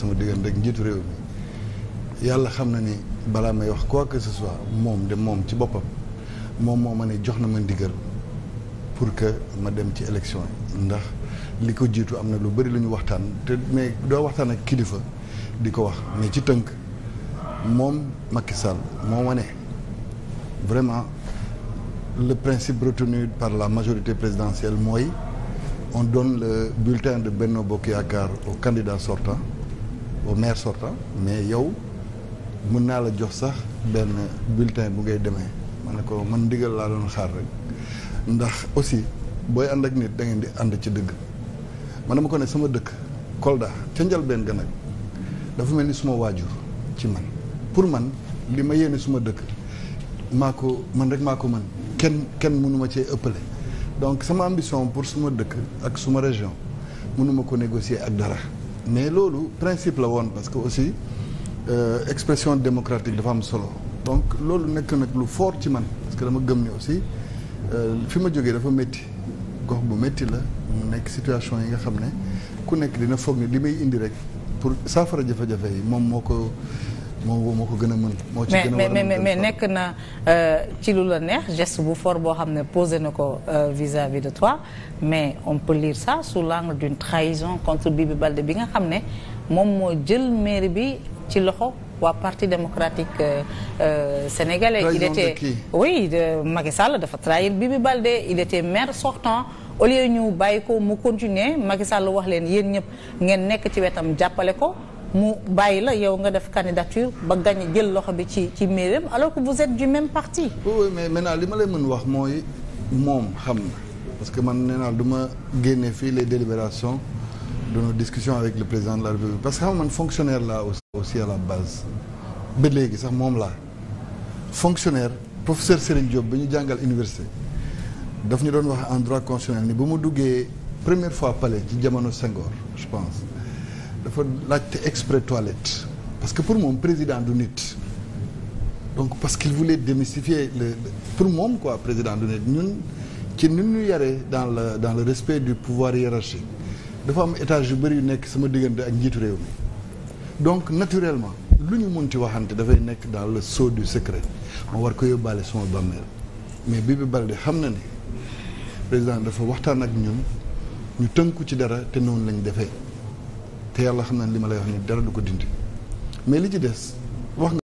sama diggante ak njiitu réew mi yàlla xam na ni balaa may wax quoi que ce soit moom de moom ci boppam moom moo ma ne jox na ma ndigal pour que ma dem ci élection yi ndax li ko jiitu am na lu bëri lu ñu waxtaan te mais doo waxtaan ak kilifa di ko wax mais ci tënk moom Macky Sall moo ma ne vraiment le principe retenu par la majorité présidentielle mooy on donne le bulletin de Benno Bokk Yaakaar au candidat sortant au maire sorta mais yow mën naa la jox sax benn bulletin bu ngay demee ma ne ko man ndigal laa doon xaar rek ndax aussi booy ànd ak nit da ngeen di ànd ci dëgg man ma ko ne sama dëkk Kolda ca njëlbeen ga nag dafa mel ni suma waajur ci man pour man li ma yéene suma dëkk maa ko man rek maa ko mën kenn kenn mënu ma cee ëppale donc sama ambition pour suma dëkk ak suma région mënuma ko négocier ak dara mais loolu principe la woon parce que aussi euh, expression démocratique dafa am solo donc loolu nekk nag lu fort ci man parce que dama gëm ni aussi euh, fi ma jógee dafa métti gox bu métti la mu nekk situation yi nga xam ne ku nekk dina foog ni li may indi rek pour saafara jafe-jafe yi moom moo ko moo moo ko a mën moo ci gën a mais mais mais nekk na euh, ci lu la neex geste bu fort boo xam ne posé na ko euh, vis-à-vis de trois mais on peut lire ça sous l'angle d'une trahison contre Bibi Baldé bi nga xam ne moom moo jël maire bi ci loxo waa parti démocratique euh, sénégalais il était oui de Macky Sall dafa trahir Bibi Baldé il était maire sortant au lieu ñëw bàyyi ko mu continuer Macky Sall wax leen yéen ñëpp ngeen nekk ci wetam jàppale ko mu bàyyi la yow nga def candidature ba gagné jël loxo bi ci ci mairie alors que vous êtes du même parti. oui mais maintenant li ma lay mën wax mooy moom xam na parce que man nee naa du ma génne fii les délibérations de nos discussions avec le président de la République parce que xam man fonctionnaire laa aussi à la base ba léegi sax moom laa fonctionnaire professeur Serigne Diop bi ñu jàngal université daf ñu doon wax en droit nii bu ba mu duggee première fois palais ci jamono Senghor je pense. dafa laajte exprès toilette parce que pour moom président du nit donc parce que qu'il voulait démystifier le pour moom ko président du nit ñun ci ni ñu yaree dans le dans le respect du pouvoir hiérarchique dafa am étage yu bëri yu nekk sama diggante ak njiitu réew mi donc naturellement lu ñu munti waxante dafay nekk dans le sceau du secret ma war ko yóbbaale sama bàmmeel mais bi Bibi Baldé xam na ni président dafa waxtaan ak ñun ñu tënku ci dara te noonu lañ defee te yàlla xam na li ma lay wax ni dara du ko dindi mais li ci des wax nga